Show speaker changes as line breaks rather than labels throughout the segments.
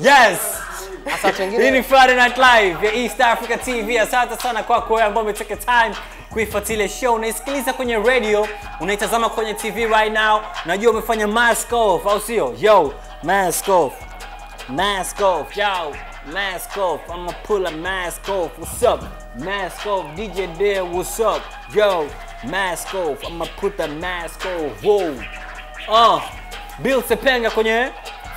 Yes. Hii ni Friday Night Live ya East Africa TV. Asante sana kwako wewe ambao umetake time kuifuatilia show. Unaisikiliza kwenye radio, unaitazama kwenye TV right now. Najua umefanya mask off, au sio? Yo, mask off. Mask off. Yo, mask off. I'm gonna pull a mask off. What's up? Mask off. DJ Dare, what's up? Yo, mask off. I'm gonna put the mask off. Whoa. Oh, Bill Sepenga kwenye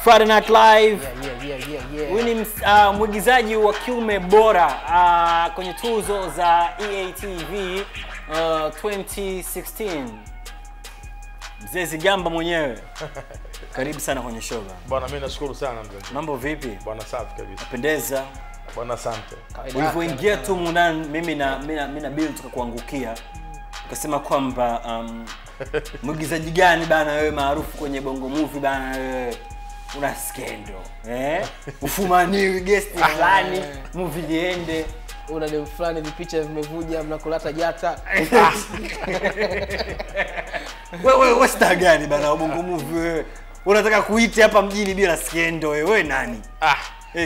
Friday Night Live. Yeah, yeah, yeah, yeah. Huyu ni uh, mwigizaji wa kiume bora uh, kwenye tuzo za EATV uh, 2016. Mzee Zigamba mwenyewe. Karibu sana kwenye show
Bwana mimi nashukuru sana mzee.
Mambo vipi?
Bwana safi kabisa.
Napendeza. Bwana asante. Ulivyoingia tu munani mimi na mimi na Bill tukakuangukia. Ukasema kwamba um, mwigizaji gani bana wewe maarufu kwenye Bongo Movie bana wewe? una skendo eh? ufumaniwi gesti fulani eh. muvi liende
una dem fulani vipicha vimevuja mnakulata jata
wewe ah. gani bana ubongo muvi wewe unataka kuite hapa mjini bila skendo wewe nani ah.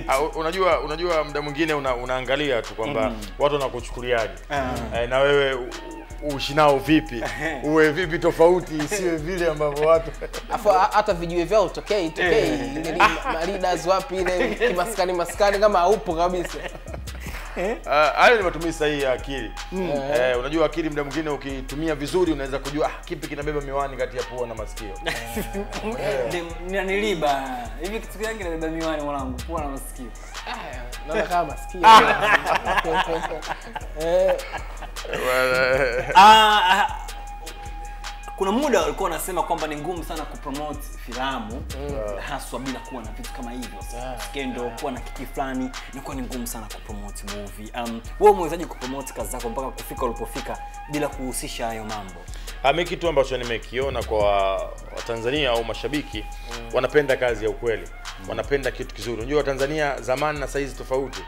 Ah, unajua unajua muda mwingine una, unaangalia tu kwamba mm. watu wanakuchukuliaje ah. eh, na wewe ushinao vipi, uwe vipi tofauti, isiwe vile ambavyo watu
hata vijiwe vyao tokei tokei eh. yaani, maridas wapi ile kimaskani maskani kama haupo kabisa.
Eh? Ah, hayo uh, ni matumizi sahihi ya akili mm. Eh, unajua akili mda mwingine ukitumia vizuri unaweza kujua ah, kipi kinabeba miwani kati ya pua na masikio.
Naniliba eh. hivi kitu gani kinabeba miwani mwanangu, pua na masikio? Ah, naona kama masikio.
Ah, ah. kuna muda walikuwa wanasema kwamba ni ngumu sana kupromote filamu yeah. Mm. haswa bila kuwa na vitu kama hivyo yeah. skendo yeah. kuwa na kiki fulani inakuwa ni ngumu sana kupromote movie um, wewe umewezaji kupromote kazi zako mpaka kufika ulipofika bila kuhusisha hayo mambo
ah, mi kitu ambacho nimekiona kwa watanzania au mashabiki mm. wanapenda kazi ya ukweli wanapenda kitu kizuri. Unajua Tanzania zamani na saizi tofauti.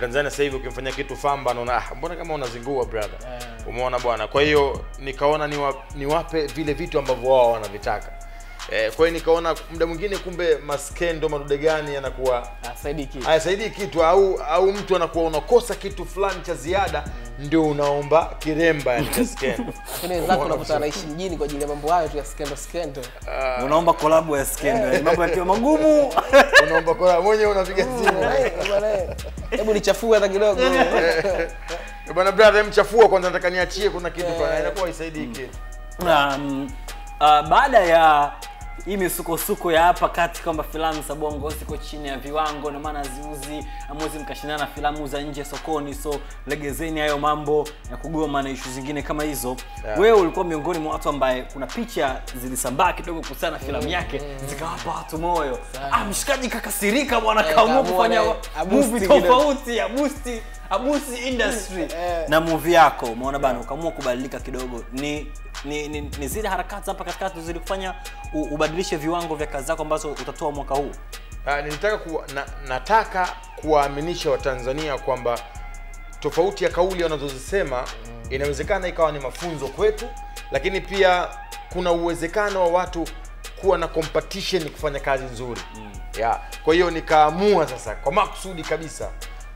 Tanzania sasa hivi ukimfanyia kitu famba anaona ah, mbona kama unazingua brother. Yeah. Umeona bwana. Kwa hiyo nikaona niwa, niwape vile vitu ambavyo wao wanavitaka Eh, kwa hiyo nikaona muda mwingine kumbe maskeni ndo madude gani yanakuwa
hayasaidii kitu.
Hayasaidii kitu au au mtu anakuwa unakosa kitu fulani cha ziada mm. ndio unaomba kiremba ya maskeni.
Lakini wenzako unakuta anaishi mjini kwa ajili ya mambo hayo tu ya skendo skendo. Uh,
unaomba collab ya skendo, yani mambo yakiwa magumu
unaomba collab mwenyewe unapiga mm, simu.
Hebu nichafue hata kidogo.
Eh, bwana brother, mchafua kwanza, nataka niachie kuna kitu kwa eh. inakuwa isaidiki. Mm. kitu. Um,
uh, baada ya hii misukosuko ya hapa kati kwamba filamu za bongo ziko chini ya viwango na maana ziuzi amwezi mkashindana na filamu za nje sokoni so legezeni hayo mambo ya kugoma na ishu zingine kama hizo yeah. wewe ulikuwa miongoni mwa watu ambaye kuna picha zilisambaa kidogo kuhusiana na filamu yake mm. zikawapa watu moyo ah, mshikaji kakasirika bwana yeah, kaamua kufanya muvi tofauti ya boost abusi industry yeah. na movie yako umeona bana yeah. ukaamua kubadilika kidogo ni ni, ni, ni zile harakati hapa katikati zilikufanya ubadilishe viwango vya kazi zako ambazo utatoa mwaka huu?
Uh, nilitaka kuwa, na, nataka kuwaaminisha Watanzania kwamba tofauti ya kauli wanazozisema mm. inawezekana ikawa ni mafunzo kwetu, lakini pia kuna uwezekano wa watu kuwa na competition kufanya kazi nzuri mm. Ya, Kwa hiyo nikaamua sasa kwa makusudi kabisa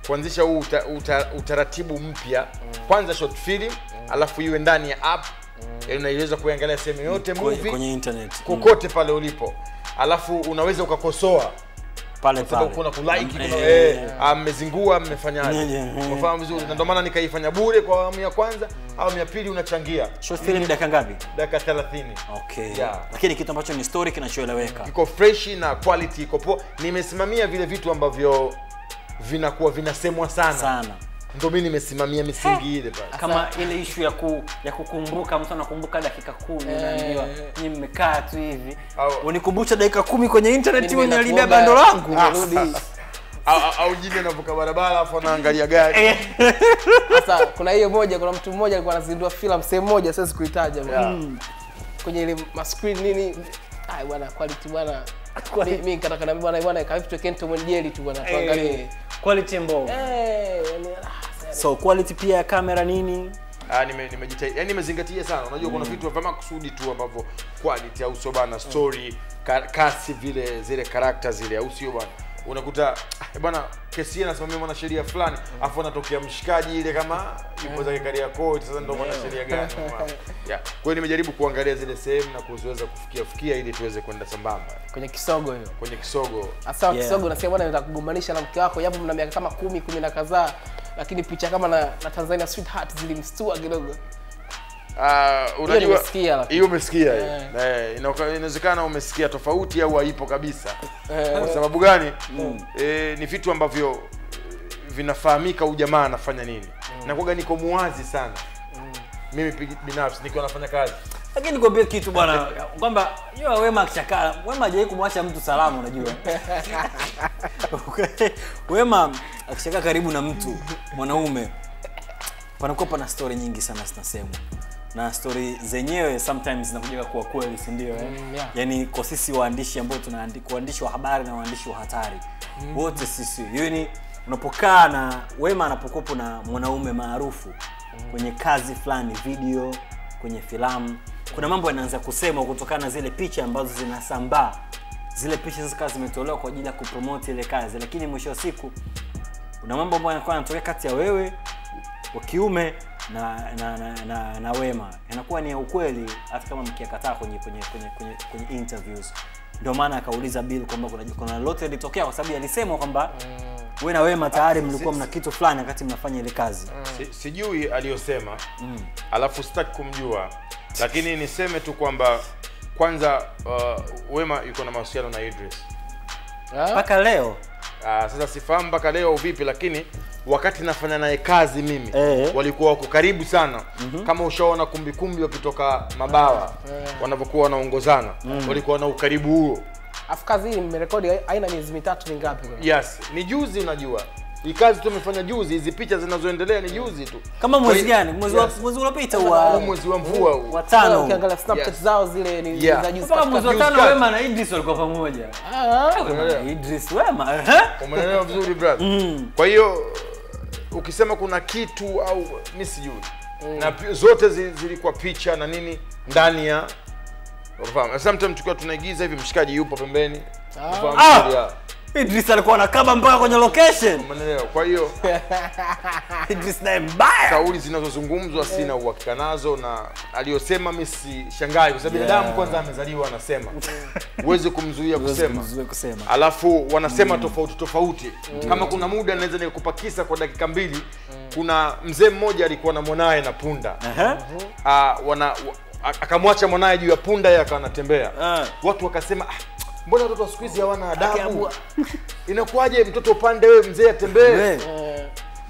kuanzisha huu uta, uta, utaratibu mpya mm. kwanza short film mm. alafu iwe ndani ya app mm. Eh, unaweza kuangalia sehemu
yote movie kwenye internet
kokote mm. pale ulipo alafu unaweza ukakosoa pale pale kuna kulike kuna eh yeah, yeah. amezingua yeah, eh, yeah, yeah. unafahamu vizuri na ndio maana nikaifanya bure kwa awamu ya kwanza mm. au ya pili unachangia
short film dakika ngapi
dakika 30
okay yeah. lakini kitu ambacho ni story kinachoeleweka
iko fresh na quality iko poa nimesimamia vile vitu ambavyo vinakuwa vinasemwa sana sana ndo mi nimesimamia misingi ile pale,
kama ile ishu ya ku, ya kukumbuka, mtu anakumbuka dakika kumi hey. Eh. unaambiwa nyinyi mmekaa tu hivi, unikumbusha dakika kumi kwenye internet, wewe unalibia bando langu ah. rudi
au jini anavuka barabara afu anaangalia gari.
Sasa eh. kuna hiyo moja, kuna mtu mmoja alikuwa anazindua filamu sehemu moja, siwezi kuitaja yeah. mm. kwenye ile mascreen nini, ai bwana quality bwana, mimi nikataka naambia bwana bwana, tu Kento Mwenjeli tu bwana, tuangalie hey. Eh
quality mbovu. Hey, eh, ah, so quality pia ya kamera nini
Ah, nime nimejitahidi. Yaani nimezingatia sana. Unajua kuna mm. vitu vya makusudi tu ambavyo quality au sio bana story kasi vile zile characters zile au sio bana unakuta eh, bwana kesi anasimamia mwanasheria fulani mm. afu anatokea mshikaji ile kama ipo eh. zake Kariakoo sasa ndo mwanasheria gani kwa hiyo nimejaribu kuangalia zile sehemu na kuziweza kufikia fikia ili tuweze kwenda sambamba
kwenye kisogo hiyo
kwenye kisogo
hasa yeah. kisogo unasema bwana nataka kugombanisha na mke wako japo mna miaka kama kumi kumi na kadhaa lakini picha kama na, na Tanzania Sweetheart zilimstua kidogo
uh, unajua
hiyo umesikia eh, eh inawezekana umesikia tofauti au haipo kabisa. Eh. Kwa sababu gani? Mm. Eh, ni vitu ambavyo eh, vinafahamika jamaa anafanya nini. Mm. Na kwaga niko muwazi sana. Mm. Mimi binafsi nikiwa nafanya kazi
lakini nikwambie kitu bwana, kwamba yeye Wema Chakala, Wema hajawahi kumwacha mtu salamu, unajua Wema akishakaa karibu na mtu mwanaume, panakuwa pana story nyingi sana zinasemwa na stori zenyewe sometimes zinakuja kuwa kweli, si ndio? Eh? Mm, yeah. Yani kwa sisi waandishi ambao tunaandika waandishi wa habari na waandishi wa hatari wote mm. wote sisi yuni unapokaa na Wema anapokopo na mwanaume maarufu mm. kwenye kazi fulani, video, kwenye filamu, kuna mambo yanaanza kusema kutokana na zile picha ambazo zinasambaa zile picha zikawa zimetolewa kwa ajili ya kupromote ile kazi, lakini mwisho wa siku kuna mambo ambayo yanakuwa yanatokea kati ya wewe wa kiume na na, na, na, na wema yanakuwa ni ya ukweli hata kama mkiakataa kwenye kwenye kwenye, kwenye, kwenye interviews ndio maana akauliza Bill kwamba kuna kuna lolote litokea kwa sababu alisema kwamba mm. we na Wema tayari ah, mlikuwa mna kitu fulani wakati mnafanya ile kazi mm.
si, sijui aliyosema mm. alafu sitaki kumjua lakini niseme tu kwamba kwanza uh, Wema yuko na mahusiano na Idris
ah? mpaka leo uh,
sasa sifahamu mpaka leo vipi lakini wakati nafanya naye kazi mimi e. walikuwa wako karibu sana mm -hmm. kama ushaona kumbikumbi wakitoka mabawa e. wanavyokuwa wanaongozana mm. walikuwa na ukaribu huo
afu kazi hii mmerekodi aina miezi mitatu ni ngapi
yes ni juzi unajua hii kazi tumefanya juzi, hizi picha zinazoendelea ni juzi tu.
Kama mwezi gani? Mwezi yes. mwezi uliopita wa
mwezi wa mvua huu.
Wa tano.
Ukiangalia Snapchat yes. zao zile ni yeah.
za juzi. Kama mwezi wa tano Wema na Idris walikuwa pamoja. Ah, Idris Wema. eh
Umeelewa vizuri brother. Mm. Kwa hiyo ukisema kuna kitu au mi sijui mm. na zote zilikuwa picha na nini ndani ya sometimes tukiwa tunaigiza hivi mshikaji yupo pembeni ah.
Idris alikuwa anakaba mpaka kwenye location.
Umeelewa? Kwa hiyo
Idris naye mbaya.
Kauli zinazozungumzwa sina uhakika nazo na aliyosema mimi si shangai kwa sababu binadamu yeah. kwanza amezaliwa anasema. Uweze kumzuia kusema. kusema. Alafu wanasema mm. tofauti tofauti. Mm. Kama kuna muda naweza nikupakisa kwa dakika mbili mm. kuna mzee mmoja alikuwa na mwanaye na punda. Uh -huh. Uh, wana akamwacha mwanaye juu ya punda yeye akawa anatembea. Uh. Watu wakasema ah, mbona watoto siku hizi hawana adabu? Inakuwaje mtoto upande wewe, mzee atembee? Oh.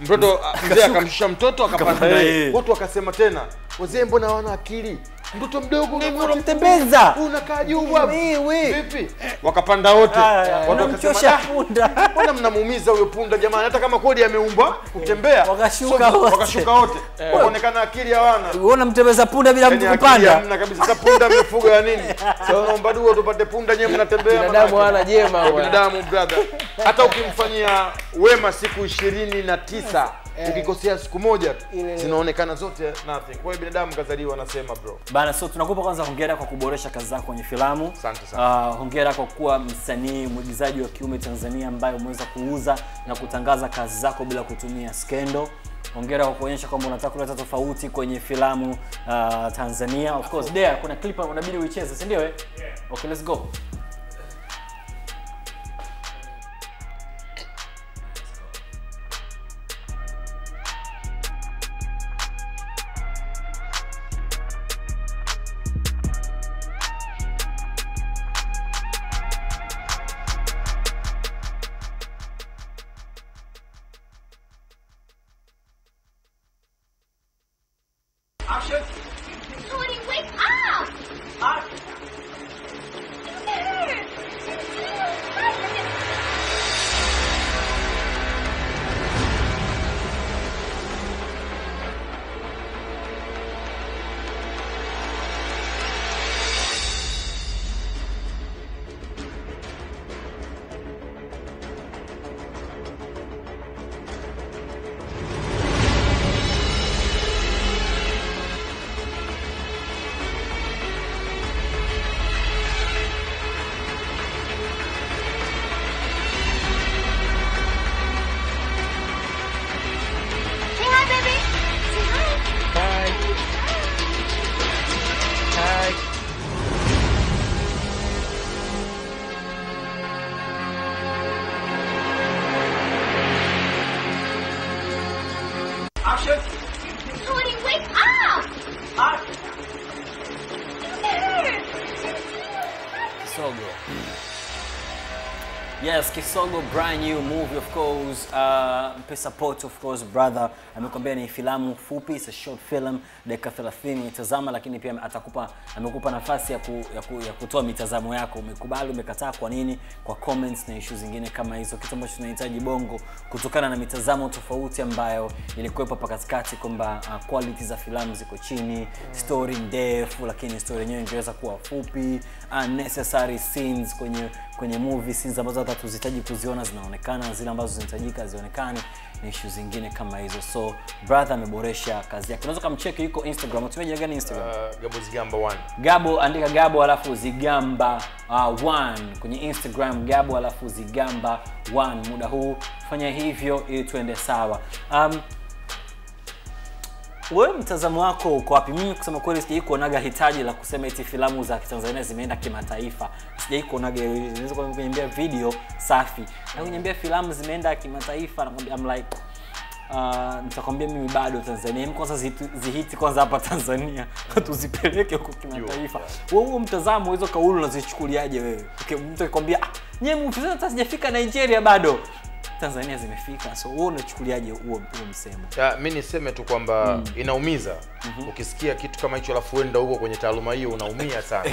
Mtoto mzee akamshusha mtoto akapanda, watu wakasema tena wazee, mbona hawana akili?
mtoto mdogo unamtembeza,
unakaa juu bwana, Wewe vipi? Eh. Wakapanda wote, ah,
wanamchosha ah, punda.
Mbona mnamuumiza huyo punda jamani? Hata kama kodi ameumbwa eh. kutembea,
wakashuka wote,
wakashuka wote, eh. wakaonekana akili hawana.
Uona mtembeza punda bila yaani mtu kupanda,
hamna kabisa. Sasa punda amefuga ya nini? Sasa naomba dua tupate punda, nyewe mnatembea.
Binadamu hana jema,
binadamu brother. Hata ukimfanyia wema siku ishirini na tisa eh. ukikosea siku moja zinaonekana zote nothing. Kwa hiyo binadamu kazaliwa, anasema bro.
Bana, so tunakupa kwanza hongera kwa kuboresha kazi zako kwenye filamu. Asante sana. Uh, hongera kwa kuwa msanii mwigizaji wa kiume Tanzania ambaye umeweza kuuza na kutangaza kazi zako bila kutumia skendo hongera kwa kuonyesha kwamba unataka kuleta tofauti kwenye filamu uh, Tanzania. Of course there kuna clip unabidi uicheze, si ndio? Eh? Yeah. Okay, let's go. Russia 総合。Yes, Kisogo, brand new movie of course, uh, Pesa support of course brother, amekwambia ni filamu fupi, it's a short film, dakika 30 tazama, lakini pia atakupa amekupa nafasi ya, ku, ya, ku, ya kutoa mitazamo yako, umekubali, umekataa, kwa nini, kwa comments na issue zingine kama hizo, kitu ambacho tunahitaji Bongo kutokana na mitazamo tofauti ambayo ilikuwepo hapa katikati kwamba uh, quality za filamu ziko chini, story ndefu, lakini story yenyewe ingeweza kuwa fupi, unnecessary scenes kwenye kwenye movie scenes ambazo hata tuzihitaji kuziona zinaonekana, zile ambazo zinahitajika zionekane ni issue zingine kama hizo. So brother ameboresha kazi yake. Unaweza kumcheki yuko Instagram. Unatumia jina gani Instagram? Uh,
Gabo Zigamba 1.
Gabo andika Gabo alafu Zigamba 1 uh, kwenye Instagram Gabo alafu Zigamba 1. Muda huu fanya hivyo ili tuende sawa. Um, wewe mtazamo wako uko wapi? Mimi kusema kweli sijai kuonaga hitaji la kusema eti filamu za Tanzania zimeenda kimataifa. Sijai kuonaga inaweza kuniambia video safi. Na kuniambia filamu zimeenda kimataifa na I'm like Uh, nitakwambia mimi bado Tanzania, Mimi kwanza zihiti kwanza hapa Tanzania tuzipeleke huko kimataifa. Wewe huo mtazamo hizo kauli unazichukuliaje wewe? Okay, mtu akikwambia ah, nyewe mfisa hata sijafika Nigeria bado. Tanzania zimefika. So wewe unachukuliaje huo huo msemo?
Ya Mimi niseme tu kwamba mm. inaumiza mm -hmm. ukisikia kitu kama hicho alafu wewe huko kwenye taaluma hiyo unaumia sana.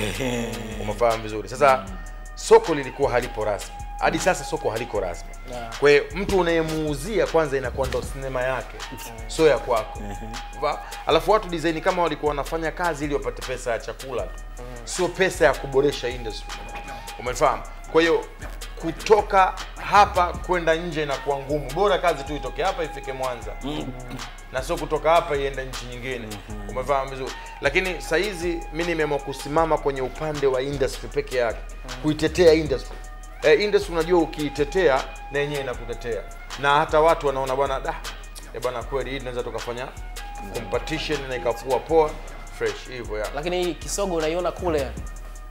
Umefahamu vizuri. Sasa mm. soko lilikuwa halipo rasmi hadi mm. sasa soko haliko rasmi. Yeah. Kwa hiyo mtu unayemuuzia kwanza inakuwa ndo sinema yake, okay. sio ya kwako. Uh-huh. Va, alafu watu design kama walikuwa wanafanya kazi ili wapate pesa ya chakula tu. Mm. Sio pesa ya kuboresha industry. Umefahamu? Kwa hiyo kutoka hapa kwenda nje inakuwa ngumu, bora kazi tu itoke hapa ifike Mwanza mm. na sio kutoka hapa iende nchi nyingine mm -hmm. Umefahamu vizuri, lakini saa hizi mi nimeamua kusimama kwenye upande wa industry peke yake mm. -hmm. kuitetea industry e, industry unajua, ukiitetea na yenyewe inakutetea, na hata watu wanaona bwana da e bwana, kweli hii tunaweza tukafanya mm. competition na ikakuwa poa fresh hivyo ya.
Lakini hii kisogo unaiona kule.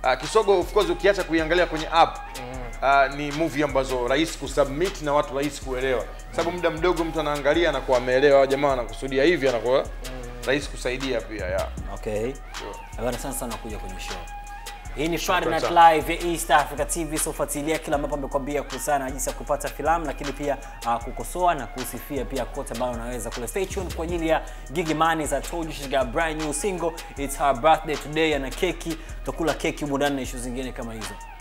Ah, kisogo of course ukiacha kuiangalia kwenye app mm -hmm uh, ni movie ambazo rahisi kusubmit na watu rahisi kuelewa, sababu muda mdogo mtu anaangalia anakuwa ameelewa, ah, jamaa anakusudia hivi, anakuwa mm. rahisi kusaidia pia ya.
Okay. Sure. Bwana sana sana kuja kwenye show. Hii ni Friday Night Live ya East Africa TV. So fuatilia kila ambapo amekwambia kuhusiana na jinsi ya kupata filamu, lakini pia uh, kukosoa na kusifia pia kote ambayo unaweza kule. Stay tuned kwa ajili ya Gigy Money za told you she got a brand new single. It's her birthday today, ana keki, tutakula keki mudani na issue zingine kama hizo.